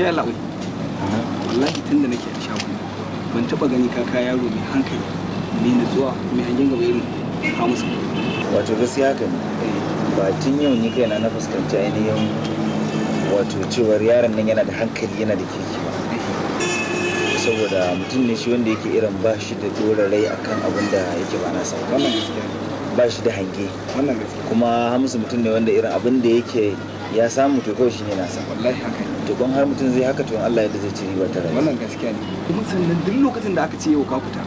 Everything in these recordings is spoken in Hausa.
gaskiya labai wallahi tunda nake a shagon ban taba gani kaka yaro mai hankali mai nutsuwa mai hangen gaba irin hamusu wato gaskiya ne eh. ba tun yau ni kaina na fuskanci ainihin wato cewar yaron nan yana da hankali yana da keke ba saboda mutum ne shi wanda yake irin ba shi da dora akan abin da yake ba nasa wannan ba shi da hange kuma hamsu mutum ne wanda irin abin da yake ya samu to kawai shi ne nasa wallahi to kun har mutum zai haka to Allah yadda zai ci riba ta rayuwa wannan gaskiya ne kuma sannan duk lokacin da aka ce yau ka fita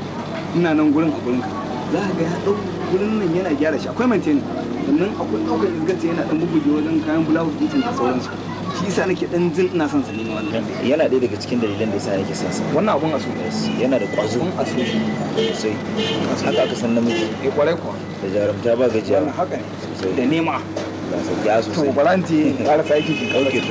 ina nan gurin a gurin ka za ka ga ya dau gurin nan yana gyara shi akwai maintain sannan akwai daukar izgarta yana dan bugu wajen kayan da din da sauransu shi yasa nake dan jin ina son sa ne wannan yana ɗaya daga cikin dalilan da yasa nake son sa wannan abun asu yana da ƙwazo abun asu sosai haka aka san namiji eh kwarai kuwa da jarumta ba gajiya wannan haka ne sosai da nema ya sosai to baranti ƙara yake shi. kauke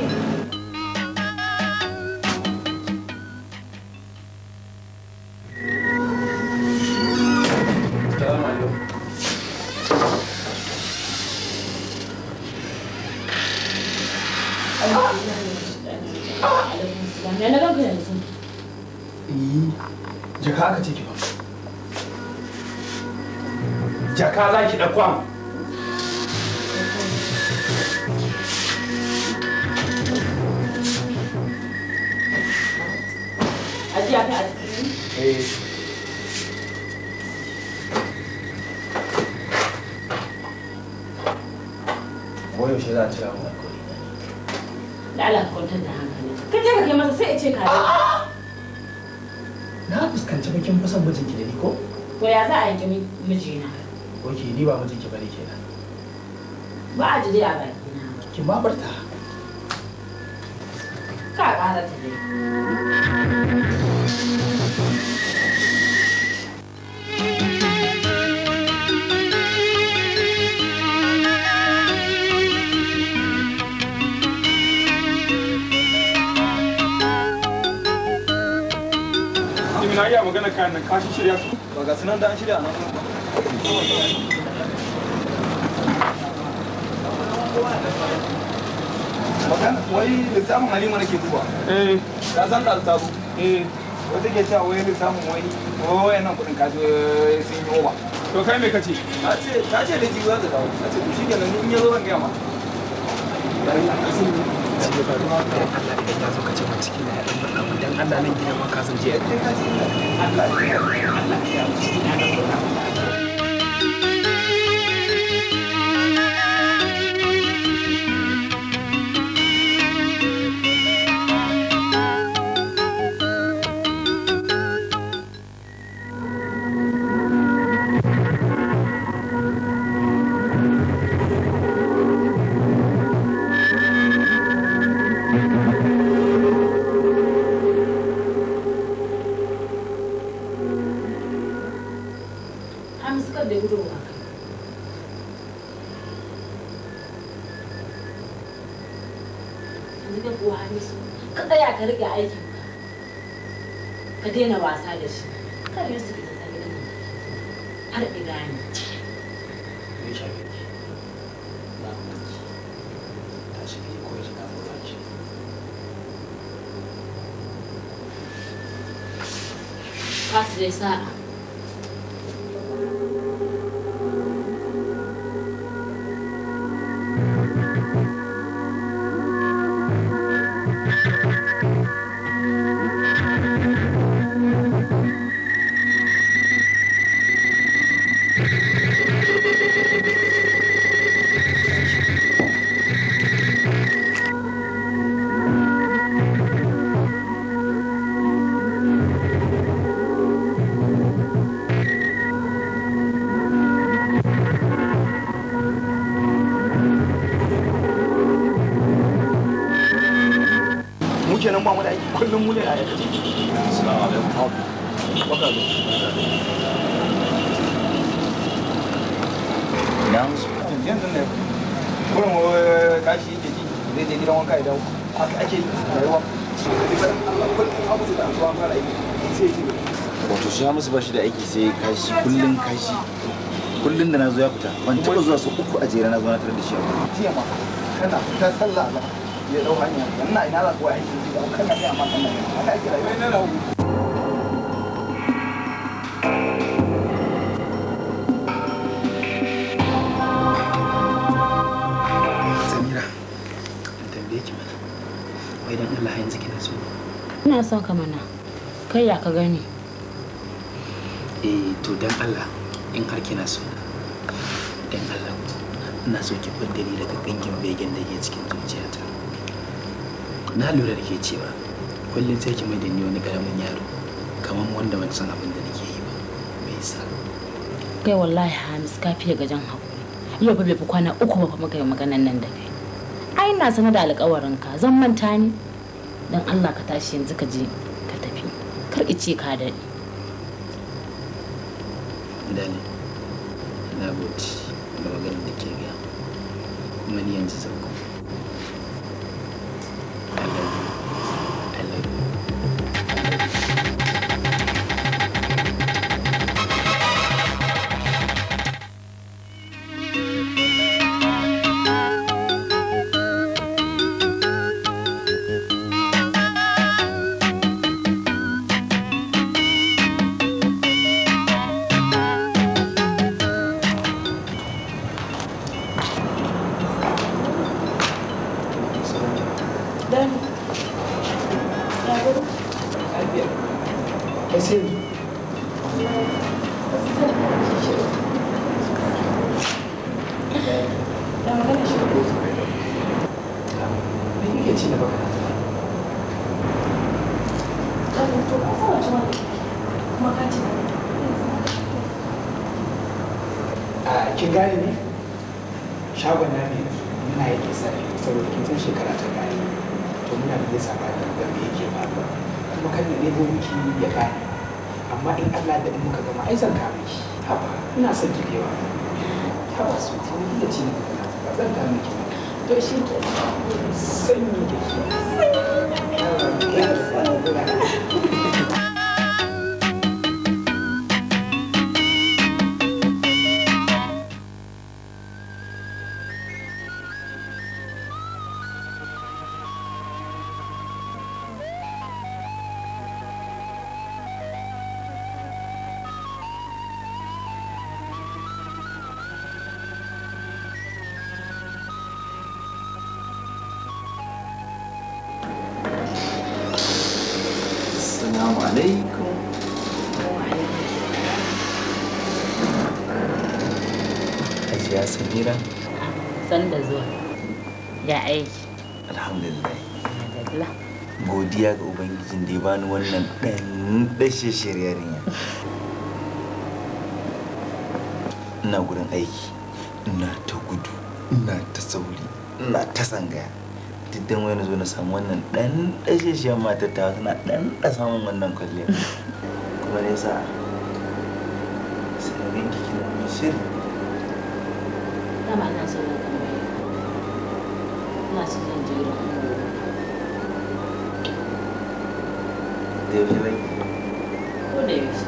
san da ta zo wata ke cewa wai ne samun wani wai nan kudin kaji sun yi oba to kai me kace ta ce ta ce da jiwa za ta dawo ta ce to shi kenan in ya zo zan gaya ma Allah nan gidan makasan jiya. Allah ya Allah ya that sai kashi kullum kashi kullum da na zo ya fita ban taɓa zuwa su uku a jere na zo na tare da shi a jiya ma kana ta sallah ba ya dau hanya wannan ina za ku aiki da kana sai amma kana haka ake rayuwa ina son ka mana kai ya ka gani eh to dan Allah in har kina so dan Allah ina so ki da ni daga gangin begen da ke cikin zuciyata na lura da ke cewa kullum sai ki mai da ni wani karamin yaro kamar wanda ban san abin da nake yi ba me yasa kai wallahi Hamis ka fiye gajan hakuri yau ba bai fi kwana uku ba fa muka yi maganan nan da kai ai ina sana da alƙawarin ka zan manta ni dan Allah ka tashi yanzu ka je ka tafi kar ki ce ka daɗi lale na gode da maganar da ke biya kuma ni yanzu zan Assalamu alaikum. Hajiya Samira. San da zuwa. Ya aiki. Alhamdulillah. Godiya ga Ubangijin da ya bani wannan ɗan dashe shiryarinya. Ina gurin aiki. Ina ta gudu. Ina ta sauri. Ina ta sangaya. duk dan wani zo na samu wannan dan dashashiyar matar ta tana dan da samun wannan kwalliya. kuma ne sa sanarin kiki na mishir dama ina son na tambaye ina son zan je da da yaushe bai ko da yaushe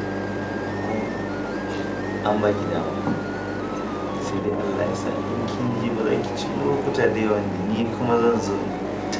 an baki dama sai dai Allah ya sa in kin ji ba za ki ci lokuta da yawan ni kuma zan zo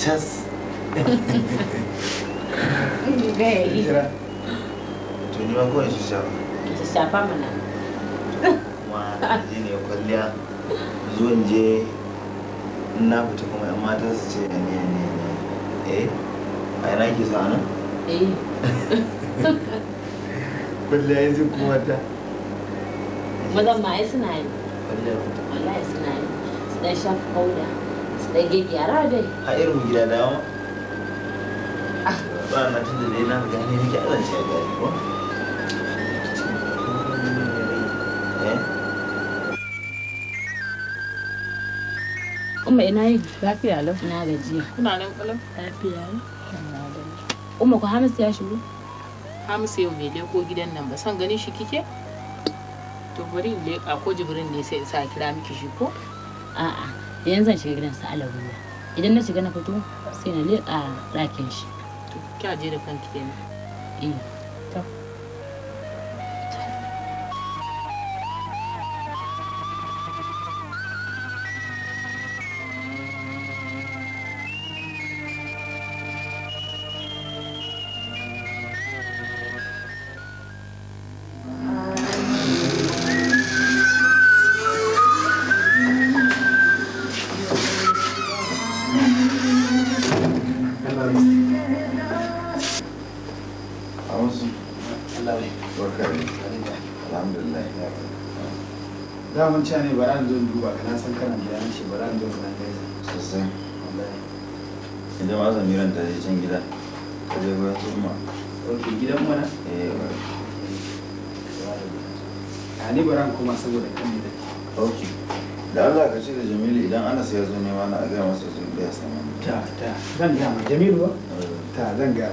cas gai to ni ma kawai shi shafa ki mana ne kwalliya zo in na fita kuma yan mata su ce a yana ki sa nan eh kwalliya yanzu kuma ta mazan ma ai suna yi kwalliya wallahi suna yi su dan shafa kauda dan gyara dai a irin gida dawo ah. ba na tunda dai na gane nake Allah ya gane ko eh? Umma ina yi lafiya lau? Na gajiya. Kuna nan kalau? Lafiya lau. Umma ko Hamis ya shigo? Hamis yau bai leko gidan nan ba son ganin shi kike? To bari in leka ko Jibrin ne sai in sa kira miki shi ko? A'a. idan zan shiga gidan sa ala alawiya idan na shiga na fito sai na leƙa ɗakin shi to kya je da kanki kenan eh yawan cewa ne bara zo duba ka na san kana da yana ce bara zo na gaisa sosai idan ma zamiran ta je can gida ta je su ma ok gidan mana eh ba a ni bara kuma saboda kan ne da ok da Allah ka ce da Jamilu idan ana sai ya zo ne ma na a gaya masa zuwa ya samu ta ta zan gaya ma Jamilu ba eh. ta zan gaya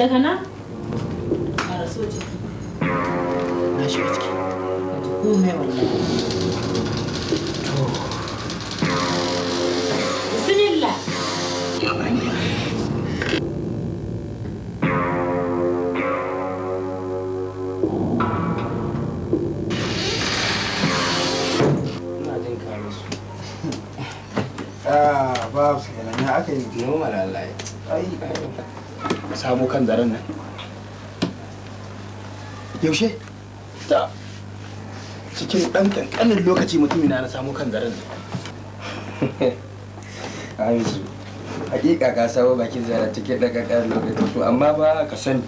de gana ƙanƙanin lokaci mutum na samu kan garin Hamisu, hakika ka sabo bakin zara cikin daga kan lokaci to amma ba ka sani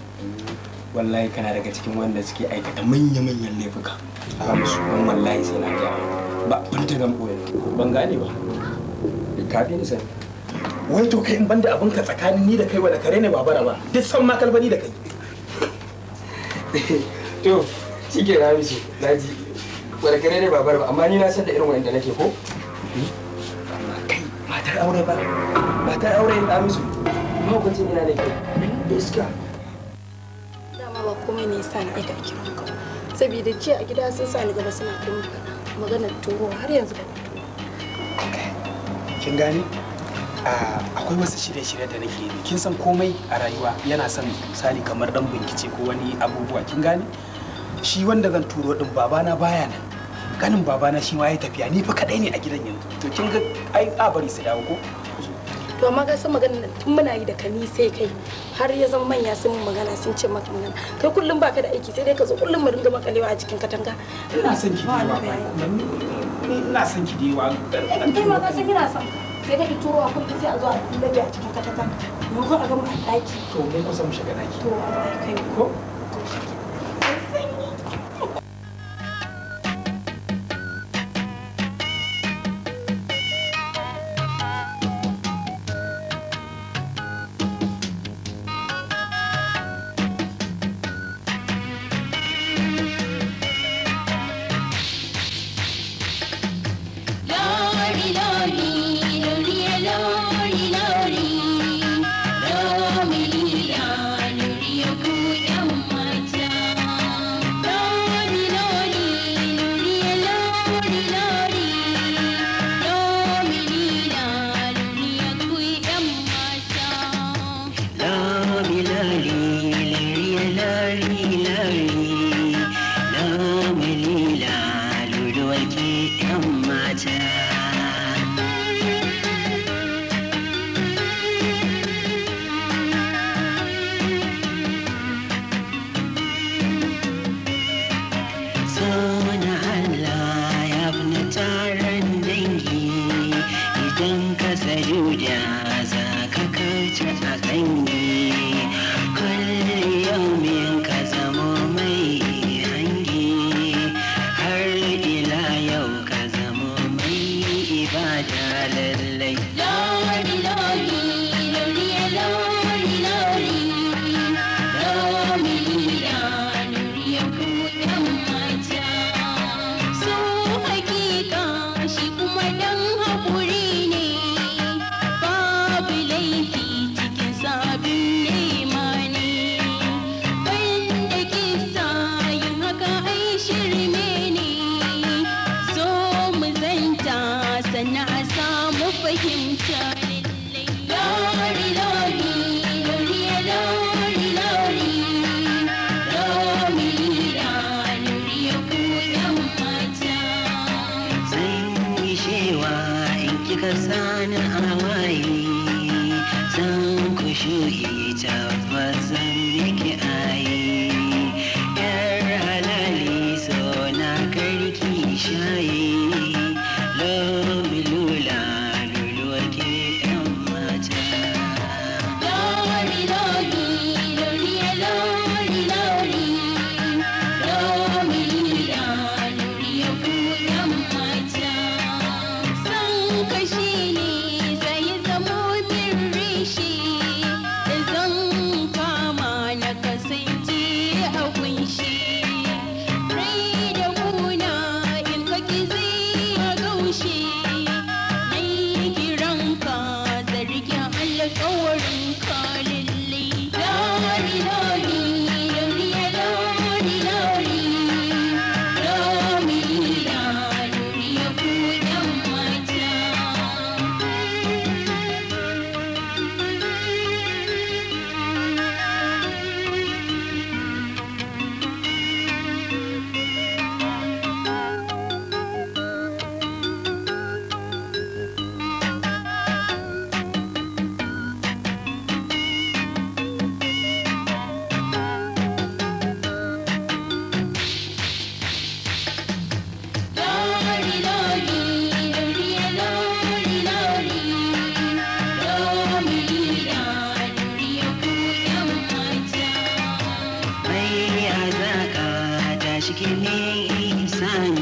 wallahi kana daga cikin wanda suke aikata manya-manyan laifuka Hamisu, don wallahi sai na ga ba ban ta gan ɓoye ban gane ba ka fi ni sani wai to kai in banda abin ka tsakanin ni da kai wala kare ne ba bara ba duk san ma kalbani da kai to shike Hamisu, na ji kwarkare ne babar ba amma ni na san da irin wanda nake ko amma kai matar aure ba matar aure ya musu ba ku ina da ke iska dama ba komai ne sa ni ita ki ba saboda jiya a gida sun sa ni gaba suna ta magana turo har yanzu ba kin gane ah, akwai wasu shirye-shirye da nake yi kin san komai a rayuwa yana son misali kamar dan binkice ko wani abubuwa kin gane shi wanda zan turo din babana baya nan kanin na shi ma ya tafiya ni fa kadai ne a gidan yanzu to kin ga ai a bari su dawo ko to amma ga san magana tun muna yi da kani sai kai har ya zama manya sun magana sun ce maka magana kai kullum baka da aiki sai dai ka zo kullum mu ringa makalewa a cikin katanga ina son ki ba ina son ki dewa kai ma ka san ina son sai dai ki turo a kullum sai a zo a kullum a cikin katanga mu ko a ga mu a daki to mun kusa mu shiga daki to kai ko aşk a sign.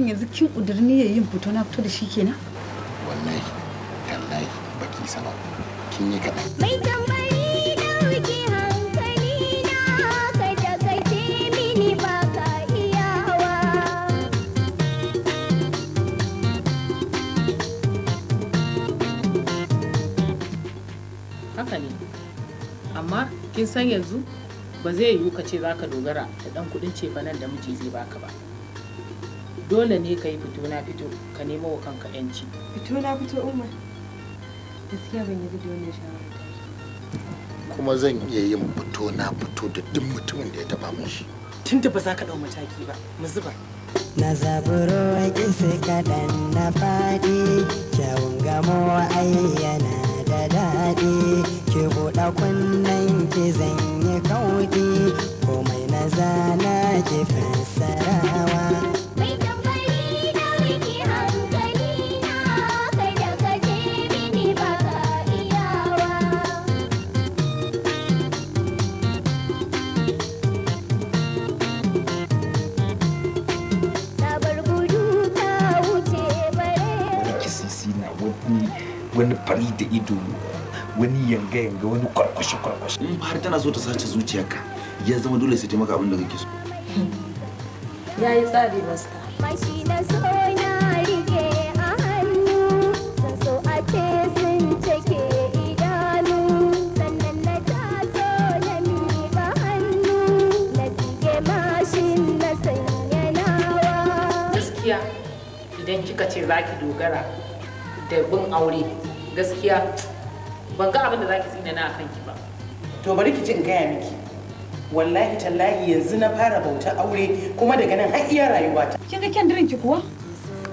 nufin yanzu kin ƙudiri ya yin fito na fito da shi kenan wallahi wallahi baki sama kin yi kaɗan mai tambari ɗauki hankali na ka takaice mini ba ka iyawa haka ne amma kin san yanzu ba zai yiwu ka ce za ka dogara da ɗan kuɗin nan da miji zai baka ba dole ne ka yi fito na fito ka nemo wa kanka yanci fito na fito umma gaskiya ban yi da wannan shawara kuma zan iya yin fito na fito da duk mutumin da ya taba min tun da ba za ka dau mataki ba mu zuba na zaburo a sai kaɗan na faɗi kyawun gamo ayyana da daɗi ki buɗa kunnen ki zanyi kauɗi komai na zana ki fassarawa ido wani yanga yanga wani kwarkwashe kwarkwashe in tana so ta sace zuciyarka ya zama dole sai ta maka abin da kake so yayi tsari basta mashi na so na rike a hannu zan so a ce sun idanu sannan na taso na ba hannu na tige mashin na sanya nawa gaskiya idan kika ce za ki dogara da bin aure gaskiya ban ga abin da zaki tsina na akan ki ba to bari ki ji in gaya miki wallahi tallahi yanzu na fara bauta aure kuma daga nan har iya rayuwata kin ga dirin ki kuwa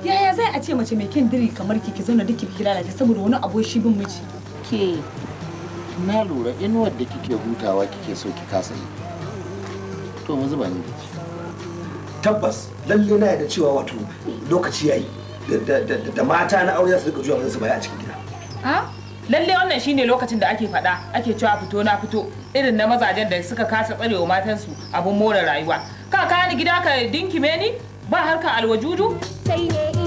yaya zai a ce mace mai diri kamar ki ki zauna duk ki lalace saboda wani abu shi bin miji ke na lura inuwar da kike hutawa kike so ki kasa yi to mu zuba ni tabbas lalle na da cewa wato lokaci yayi da mata na aure za su rika juya su baya a cikin gida lalle wannan shine lokacin da ake faɗa ake cewa fito na fito irin na mazajen da suka kasa tsarewa matansu abun more rayuwa ka kayan gida ka dinkime ni ba harka alwajudu sai ne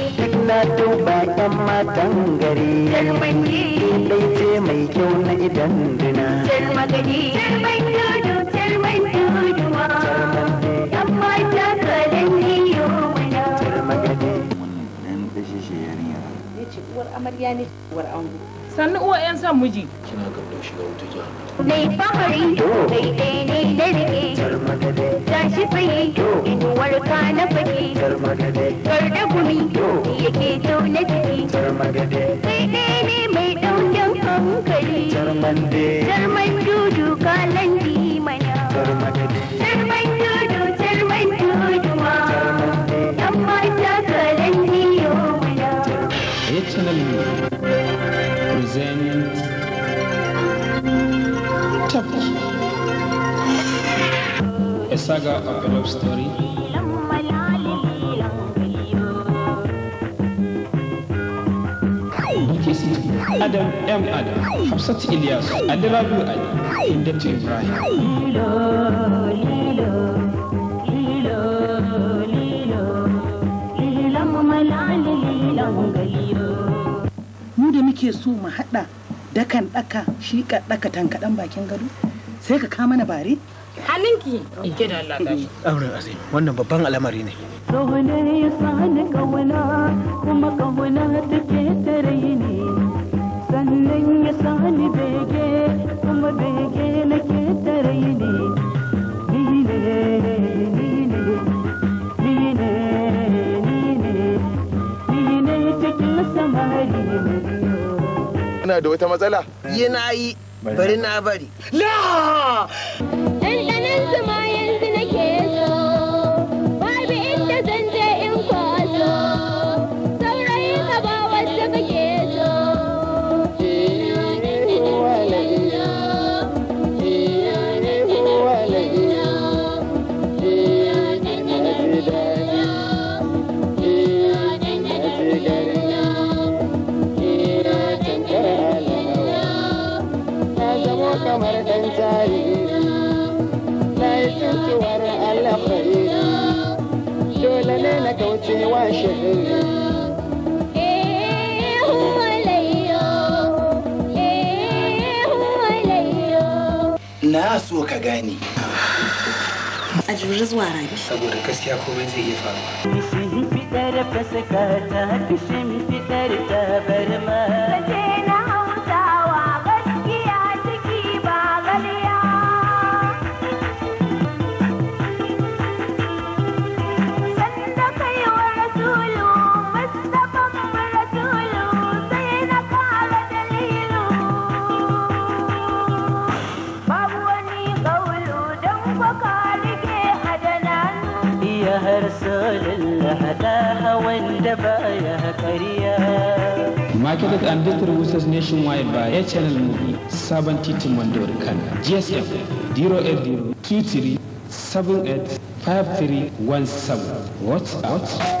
na duba yan matan gari Jalmani Dai ce mai kyau na idan dina Jalmagani Jalmani uwar amarya ne ango sannu uwa yan san miji kina gabdo shiga wuta mai fahari na ne ta rike tashi tsaye inuwar ka na fage garda gumi yake tauna ciki daidai ne mai daukin hankali jarman dudu kalandi exceptionally resilient Turkey. A saga of a love story. Adam M. Adam, Hafsat Ilyas, Adelabu Adam, Indetu Ibrahim. kake so mu haɗa dakan ɗaka shi ka ɗaka tankaɗan bakin gado sai ka kama na bare hannunki ke da Allah gashi auren azim wannan babban al'amari ne kawuna ya sani kawuna kuma kawuna take tare ne sannan ya sani bege kuma bege nake tare ne ni ne kana da wata matsala yana yi bari na bari la gane a juri zuwa rabi saboda gaskiya komai zai iya faruwa kishin fitar fasaka ta kishin fitar ta bar Marketed and distributed nationwide by HNL Movie, Sabon Titin Mandori Kano, GSM 080 23 78 5317. What's up?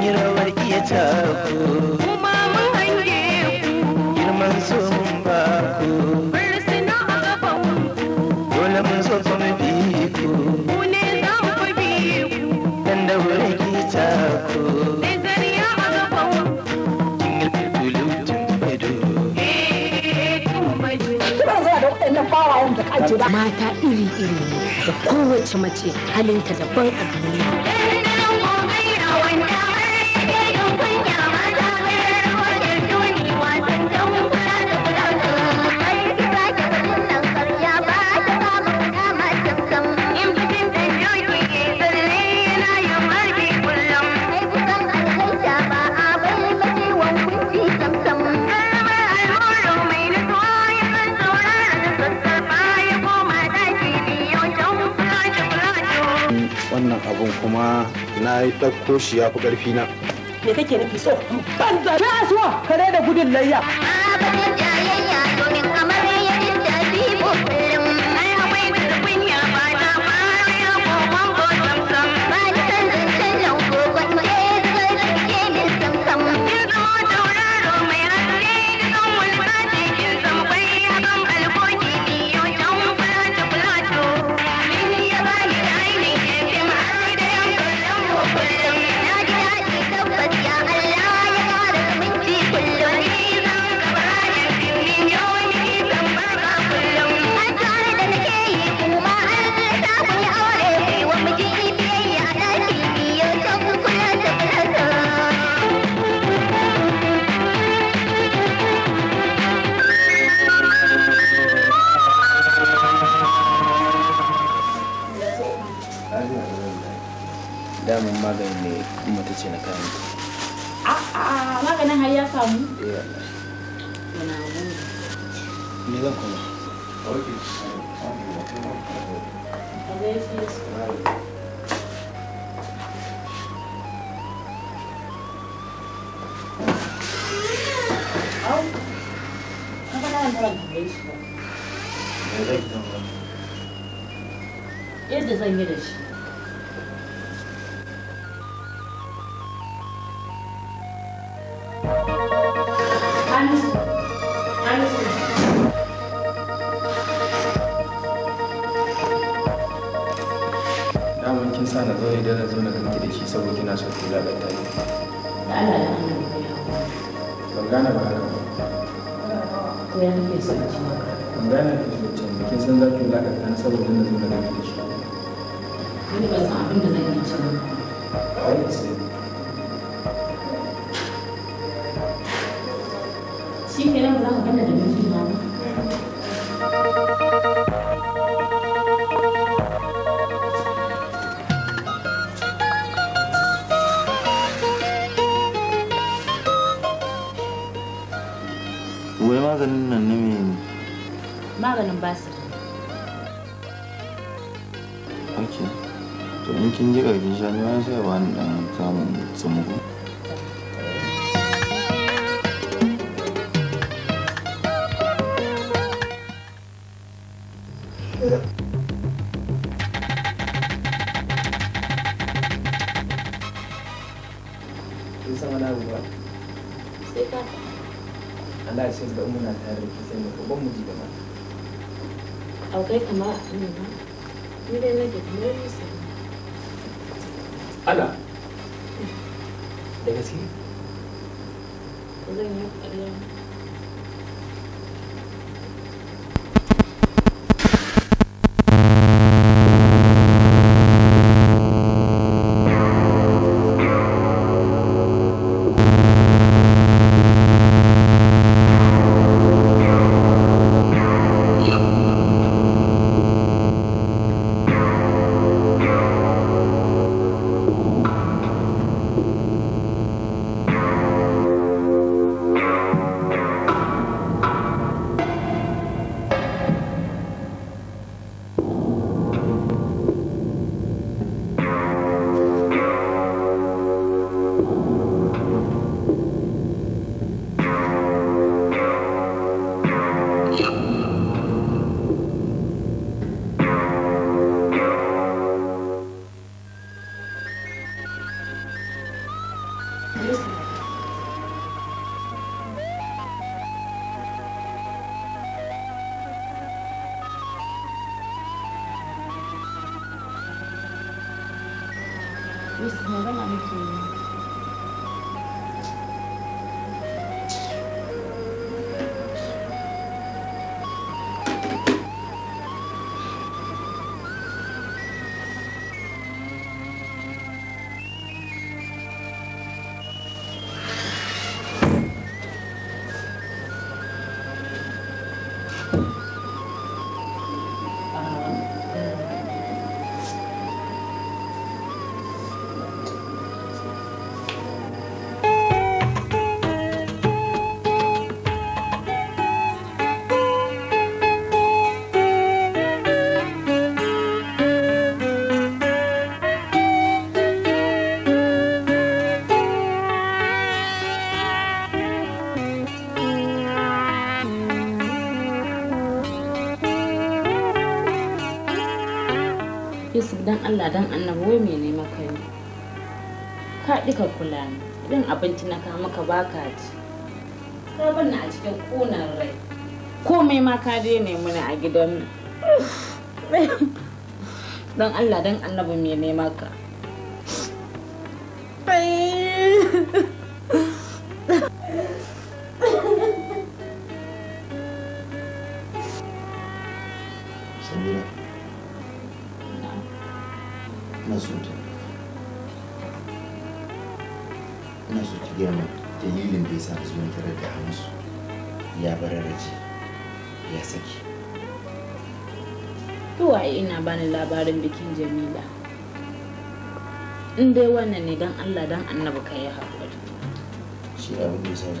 mun rawar iya taku kuma mun hange ku girman so mun ba ku bursuna a gaban dole mun so ku mu bi ku ku ne za mu bi ku dan da wurin ki taku ne zariya a gaban kin bulbulu tun eh, bedo mata iri-iri da kowace mace halinta daban a duniya amma na yi ɗauko shi ya fi ƙarfi na. Me kake nufi so? Banza! Ka asuwa! Kare da gudun layya! yadda zan yi da shi daman kin sa na na da shi saboda da ban gane ba haka ba ya nake son ci ban gane ki kin san za ki lalata ni saboda na zo na ganki da shi wai maganin nan mai ne maganin basir ok to in kin ji ƙarfin sha ne wani sai ba ni ɗan samun tsamuku で、かま、うん、入れなき Allah dan annabi wai mene maka ne ka dika kula ni idan abinci na ka maka baka ci ka bar ni a cikin konar rai komai ma ka ne muna a gidan dan Allah dan annabi mene maka wannan labarin bikin jamila in dai wannan ne don allah don annabi ka yi haƙuri shi abu da sai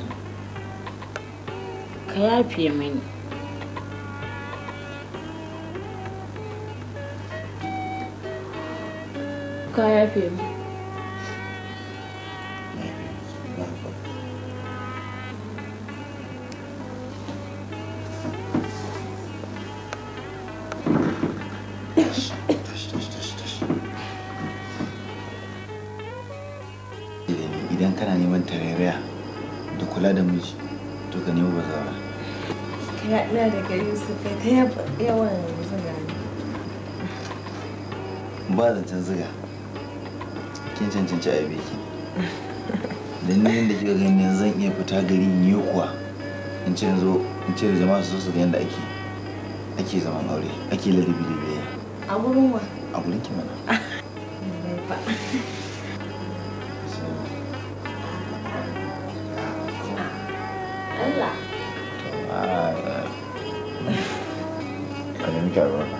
ka yafe mani ka yafe mani kin ziga kin cancanci a yabe ki dan ne yanda kika gani zan iya fita gari ni kuwa in ce yanzu in ce da jama'a su su ga yanda ake ake zaman aure ake ladabi da biyayya a gurin wa a gurin ki mana Allah. Ah, I didn't get it.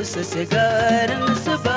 उससे गारम सबा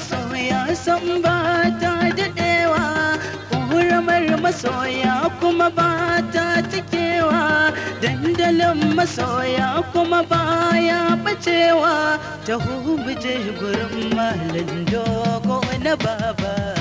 masoya san ba ta daɗewa ƙoramar masoya kuma ba ta cikewa dandalin masoya kuma ba ya ɓacewa ta hubuje muje gurin malin dogo na baba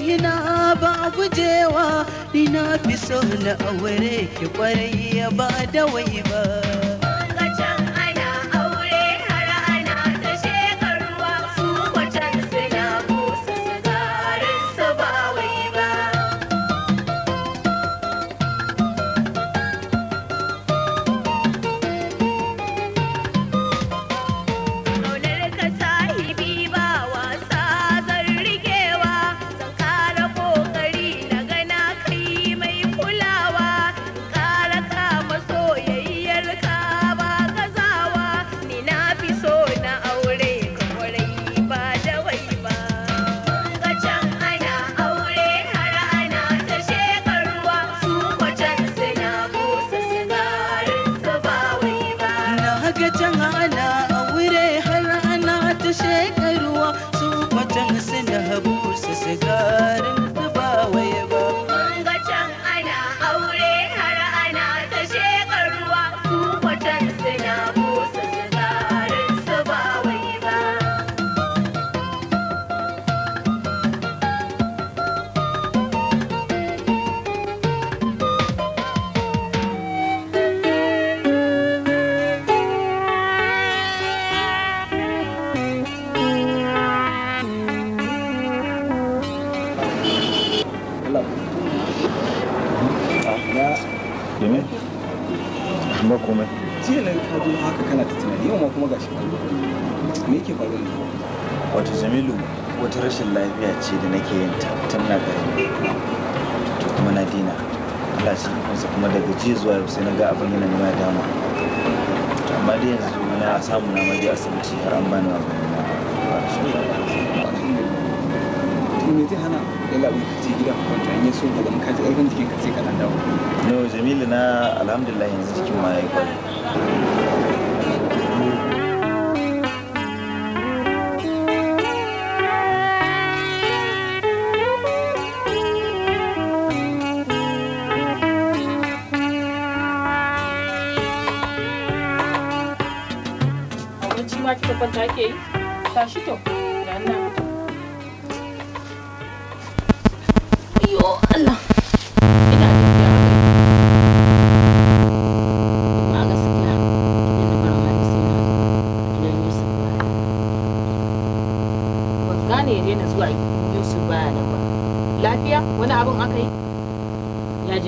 hina ba gujewa ni na fi so na aure ki kwarai ba da wai ba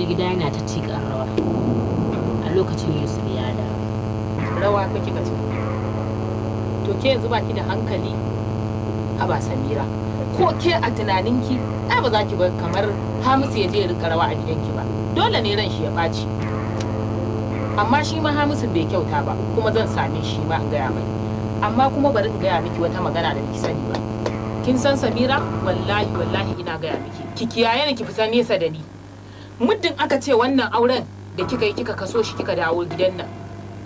je gida yana ta cikar rawa a lokacin yusuf ya da rawa ka kika ce to ke yanzu baki da hankali a ba samira ko ke a tunaninki ai ba za ki bar kamar hamisu ya je ya rika rawa a gidanki ba dole ne ran shi ya ɓaci amma shi ma hamisu bai kyauta ba kuma zan same shi ma in gaya mai amma kuma bari in gaya miki wata magana da miki sani ba kin san samira wallahi wallahi ina gaya miki ki kiyaye ni ki fita nesa da ni muddin aka ce wannan auren da kika yi kika kaso shi kika dawo gidan nan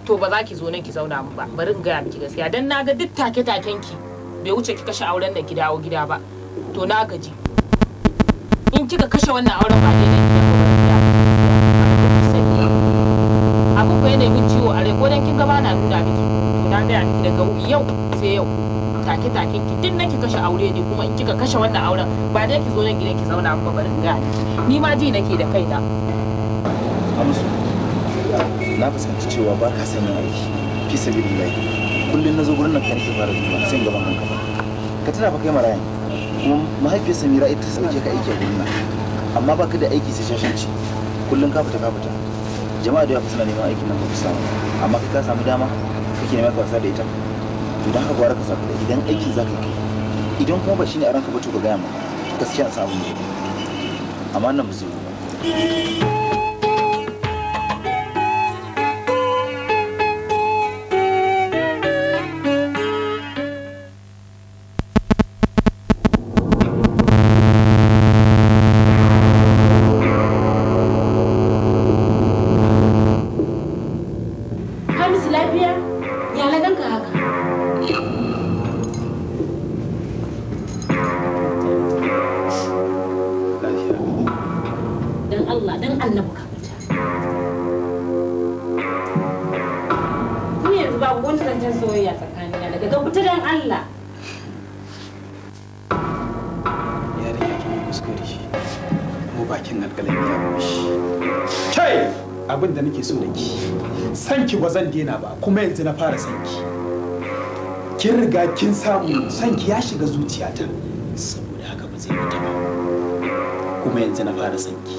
to ba za ki zo nan ki zauna mu ba bari in gaya miki gaskiya dan naga duk take taken ki bai wuce ki kashe auren nan ki dawo gida ba to na gaji in kika kashe wannan auren ba dai nan abu ku ne mun ciwo a rai ko dan kin ga ba na nuna miki to na gaya miki daga yau sai yau take take ki din nake kashe aure ne kuma in kika kashe wannan auren ba dai ki zo nan gidan ki zauna ba barin ga ni ma ji nake da kaina amsu na fuskanci cewa ba ka sanya aiki fi sabilillahi kullun nazo gurin nan kai nake fara zuwa sai gaban kanka ka tana fa kai marayan kuma mahaifiyar Samira ita ta ke ka aiki a gurin nan amma ba ka da aiki sai shashanci kullun ka fita ka fita jama'a da yawa suna neman aikin nan ba ku samu amma kai ka samu dama kake neman ka wasa da ita to haka gwara ka sa kuɗi idan aiki za ka kai idan kuma ba shine a ranka ba to ka gaya maka gaskiya samu ne amma nan ba zai yi ba yanzu babu wani zancen soyayya tsakanina daga ga fita dan Allah yarinya ki kuskure shi mu bakin alƙalin ya mushi kai abin da nake so da ki san ki ba zan daina ba kuma yanzu na fara san ki kin riga kin samu san ki ya shiga zuciyata saboda haka ba zai mutu ba kuma yanzu na fara san ki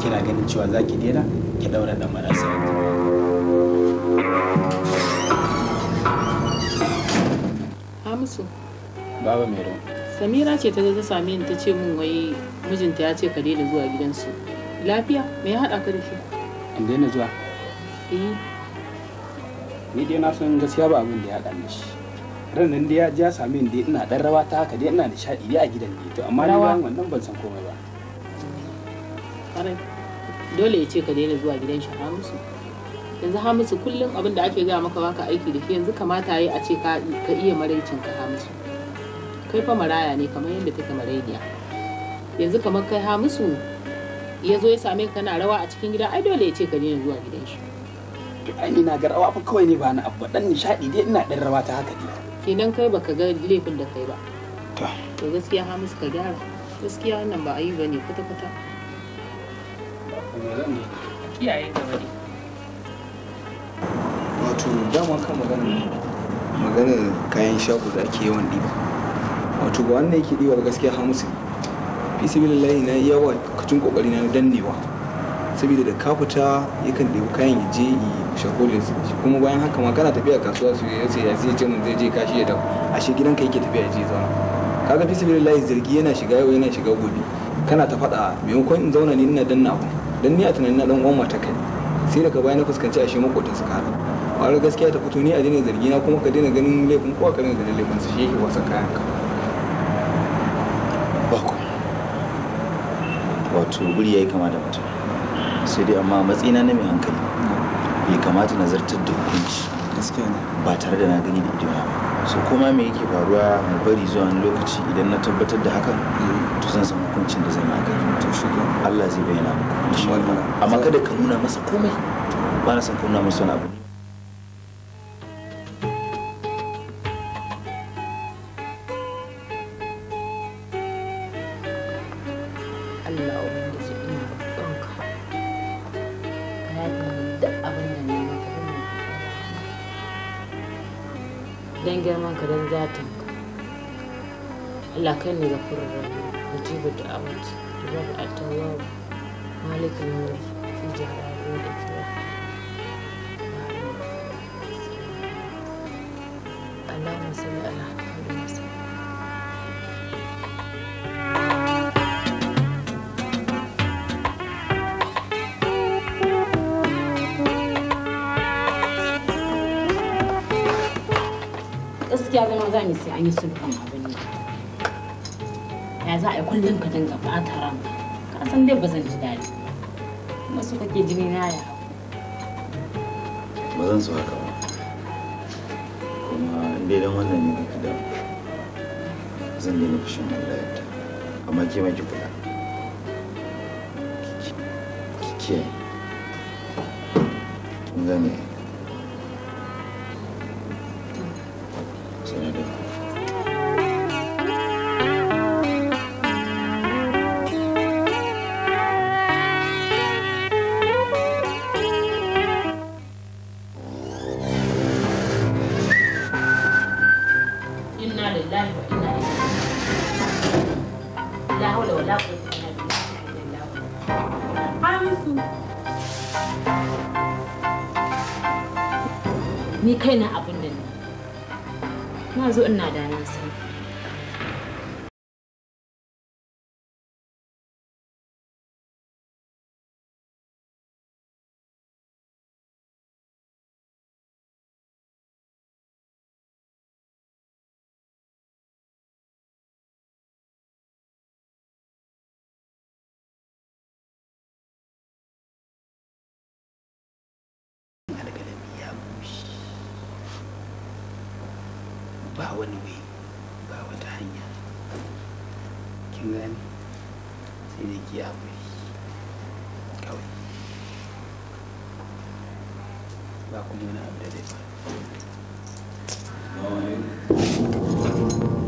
kina ganin cewa za ki daina ki daura da marasa Thank you. Shamsu. Baba Mero. Samira ce ta ta same ni ta ce min wai mijinta ya ce ka daina zuwa gidansu. Lafiya me ya haɗa ka da shi? In daina zuwa. Eh. Ni dai na san gaskiya ba abin da ya haɗa shi. Ran nan dai ya ja same ni dai ina dan rawa ta haka dai ina nishaɗi dai a gidan ne to amma ni wannan ban san komai ba. Dole ya ce ka daina zuwa gidan shi musu yanzu hamisu kullum abin da ake gaya maka baka aiki da shi yanzu kamata yi a ce ka iya maraicin ka hamisu kai fa maraya ne kamar yadda take maraidiya yanzu kamar kai hamisu ya zo ya same ka kana rawa a cikin gida ai dole ya ce ka daina zuwa gidan shi to ai ni ga rawa fa kawai ne ba na abu dan nishadi dai ina dan rawa ta haka ne kenan kai baka ga laifin da kai ba to gaskiya hamisu ka gyara gaskiya wannan ba ayi bane kwata-kwata Iyaye gaba ne wato dama kan maganin maganin kayan shago da ake yawan ɗiba wato ba wannan yake ɗiba gaskiya hamisu fi sabilillahi na iya kacin kokari na dannewa saboda da ka fita yakan ɗebi kayan ya je yi shago shagolin shi kuma bayan haka ma kana tafiya kasuwa su ya ce ya sai ce mun zai je kashi ya dawo ashe gidanka yake tafiya ya je zauna kaga fi sabilillahi zargi yana shiga yau yana shiga gobe kana ta faɗa maimakon in zauna ni ina danna ba. dan ni a tunanin na dan uwan mata kai sai daga baya na fuskanci shi makotan su kara ƙwarar gaskiya ta fito ni a daina zargi na kuma ka daina ganin laifin kowa ka dina ganin laifin su shi yake wasa kayan ka bako wato guri ya yi kama da mutum sai dai amma matsina na mai hankali bai kamata na zartar da hukunci ba tare da na gani da idona ba su kuma me yake faruwa mu bari zuwa wani lokaci idan na tabbatar da hakan mm. to zan san hukuncin da zan yi to shi Allah zai bayyana muku amma kada ka nuna masa komai ba na san ka nuna masa wani abu قربا مجيب مالك sai an yi za a yi kullum ka dinga ɓata ran ka san dai ba zan ji daɗi kuma su kake jini na ya ba zan so haka ba kuma inda dan wannan ne ka da zan yi fushin Allah ya ta amma ke ma ki kula ki kiyaye algalami ya bushe ba wani wai ba wata hanya kin gani sai da ki haƙuri kawai ba kuma wani abu da zai ba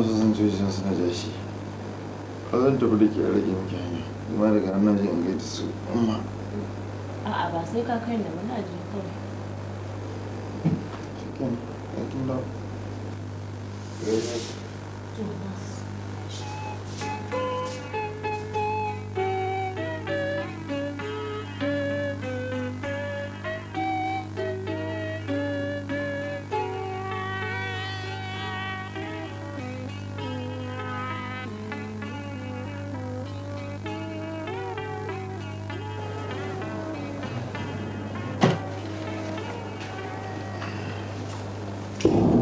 na so zan coci don suna ja shi ba zan tafi da ke a rage miki hanya kuma daga nan je in gaita su amma a'a ba sai ka kai da muna je kawai ke shikenan ya tura Thank you.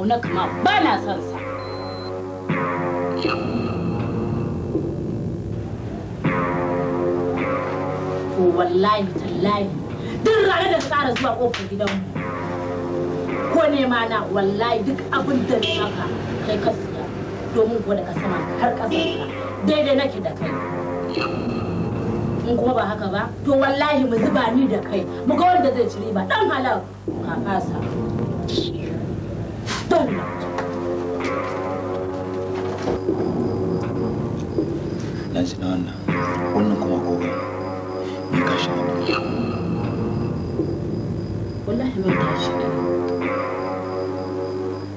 kauna kama ba na son sa. To wallahi tallahi duk rana da tsara zuwa ƙofar mu Ko ne ma na wallahi duk abin da maka kai ka siya domin ko ka sama har ƙasarka daidai nake da kai. In kuma ba haka ba, to wallahi mu zuba ni da kai, mu ga wanda zai ci riba ɗan halal ka fasa.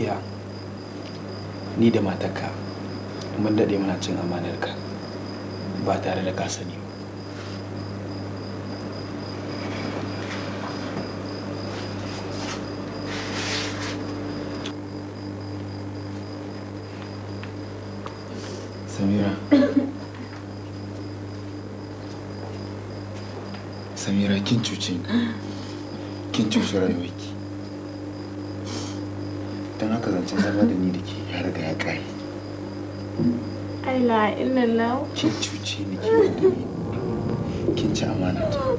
gaskiya ni da matarka mun daɗe muna cin amanarka ba tare da ka sani ba Samira. Samira kin cuce Kin cuce rayuwarki. zancen zama da ni da ke ya riga ya ƙare. Ai ina nau? Kin cuce ni kin yi kin ci amana ta.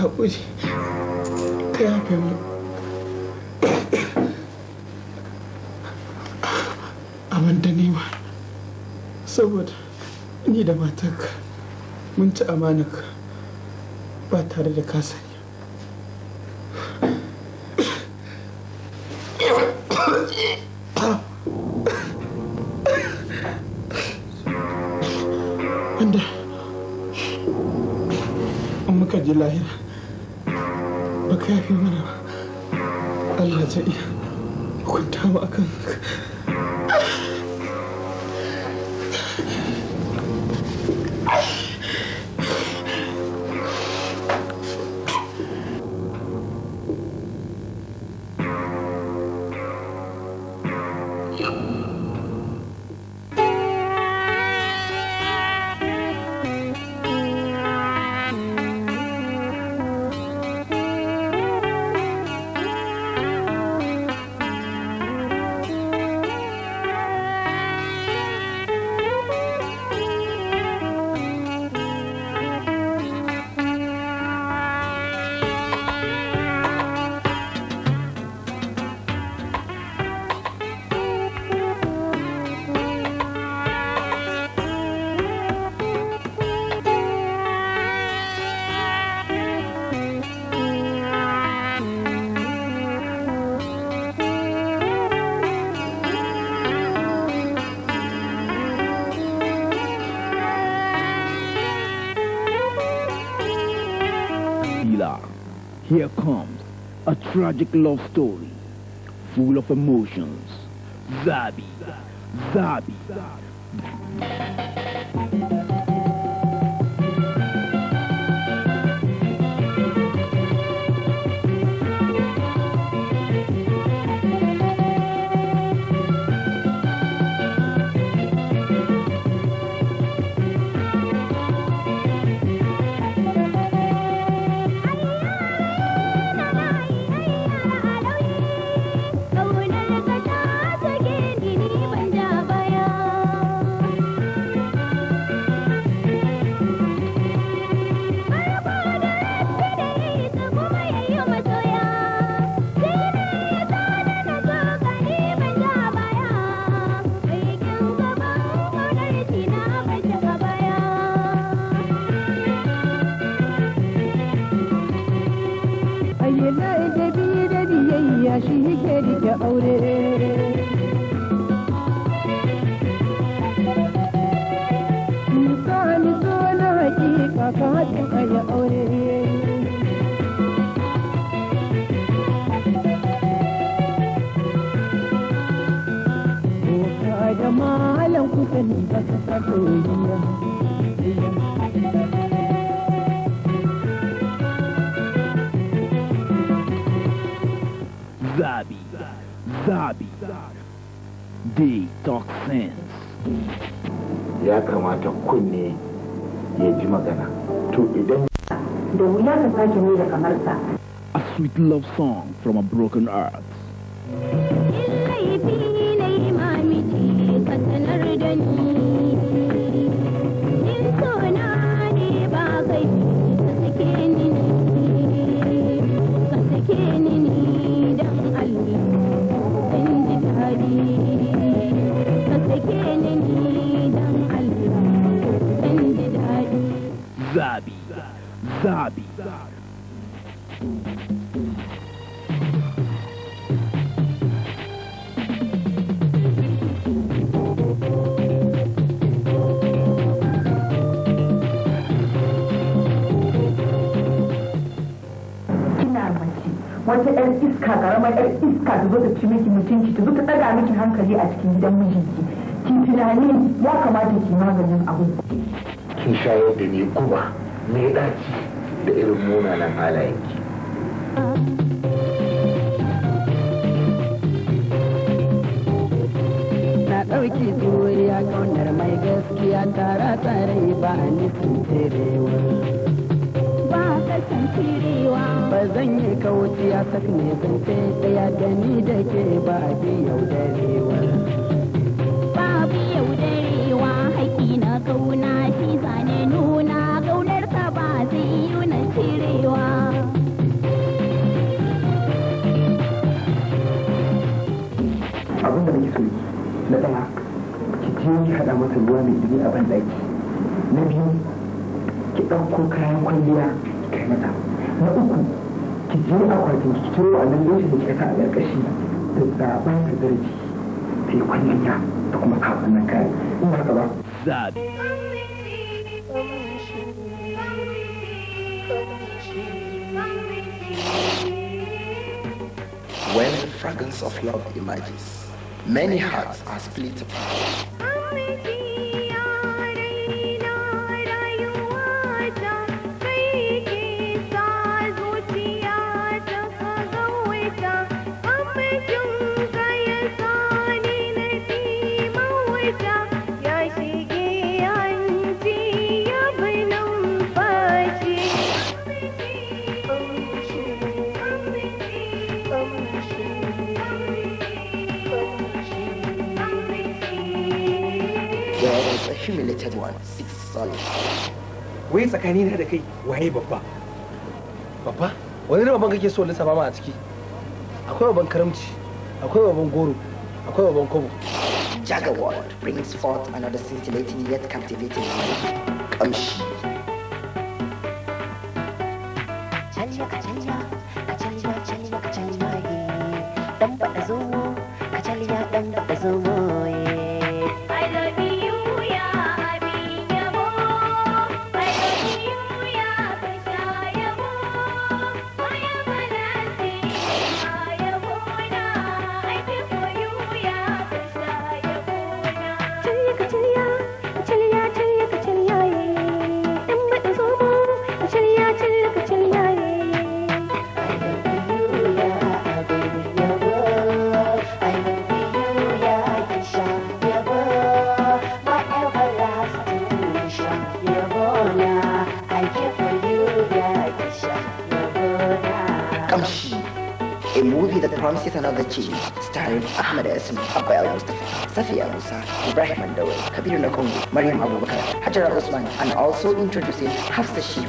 haƙuri ka yafe mu da nema saboda ni da matarka mun ci amanaka ba tare da kasa tragic love story full of emotions. Zabi, Zabi. hakika ka haɗin Zabi, Zabi, Detox Sense. Ya kamata kunne ya ji magana to idan da wuya ka sake mai da kamar sa a sweet love song from a broken heart sabe. wata yar iska karamar yar iska da zo ta ci miki mutunci ta zo ta miki hankali a cikin gidan mijinki ki tunani ya kamata ki maganin abu kin shayar da ni guba me daci da irin munanan na ɗauki juriya kaunar mai gaskiya tara tare ba ni tunturewa ba ka tunturewa ba zan yi a sak ne zan tsaya da ni da ke ba bi yaudarewa ba bi yaudarewa haƙi na kauna shi zane nuna na ɗaya ki je ki haɗa masa ruwa mai ɗumi a ban ɗaki na biyu ki ɗauko kayan kwalliya ki kai mata na uku ki je akwatin ki ciro nan lokacin da kika sa a ƙarƙashi da zaɓar ka zarafi ta yi kwalliya da kuma kafin nan kayan in ba ka ba. When the fragrance of love emerges, Many hearts are split apart. wai tsakani na da kai waye babba babba wani ne babban kake so lissafa ma a ciki akwai babban karamci akwai babban goro akwai babban kobo jagawa brings forth another scintillating yet captivating kamshi Kitano the Chief, starring Ahmed Mustafa, Safiya Musa, Ibrahim Kabir Nakongu, Mariam Abubakar, Osman, and also introducing Hafsa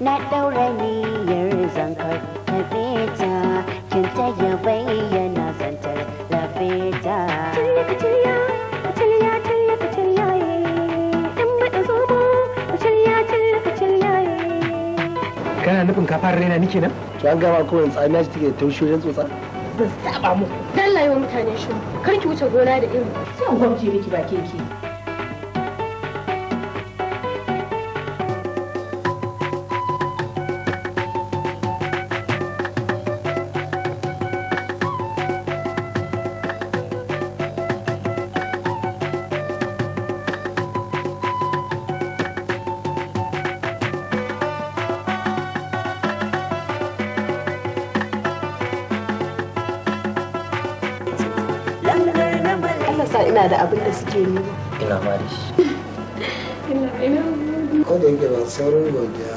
na ƙara raina ni kenan to an gama kowane tsamiya ce take taushi wajen tsotsa su saba mu tallaye wa mutane shi kar ki wuce gona da irin. sai an gwamce miki bakin ki ina ma da shi ina ina ko da godiya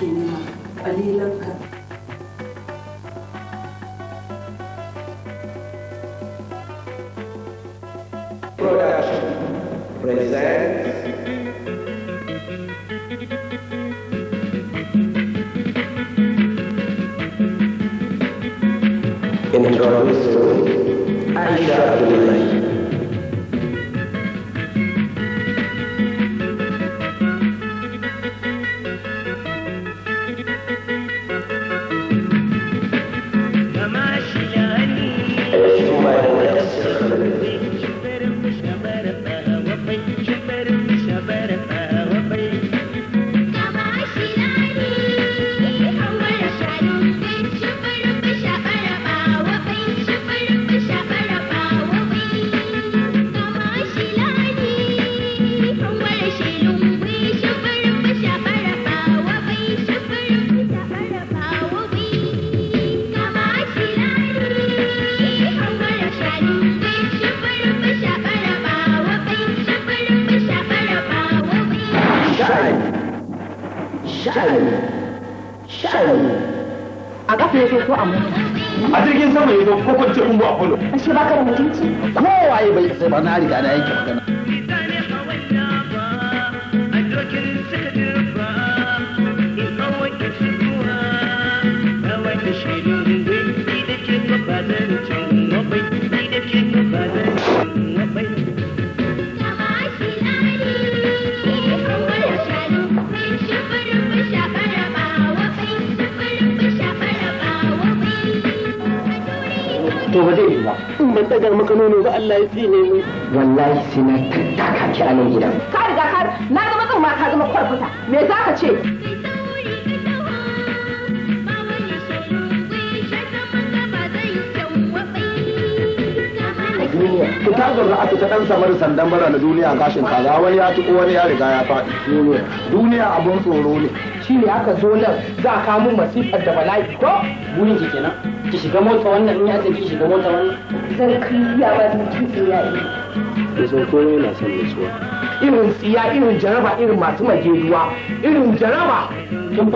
كلمة قليلا Production presents Introducing Aisha Abdullahi ba ka da mutunci kowaye bai sai ba na riga na yanke magana ban daga maka nono ba Allah ya tsine mu wallahi sai na tattaka ki a nan gidan ka riga ka na zama ma ka zama kwarfuta me za ka ce ku ta zurra a ta dan samar sandan bara na duniya gashin kaza wani ya tuko wani ya riga ya faɗi duniya abun tsoro ne shi ne aka zo nan za a kawo masifar da bala'i ko burin ki kenan ki shiga mota wannan in ya ki shiga mota wannan zan kariya ba mutum iyaye ya san komai yana son nutsuwa irin tsiya irin jaraba irin masu majeduwa irin jaraba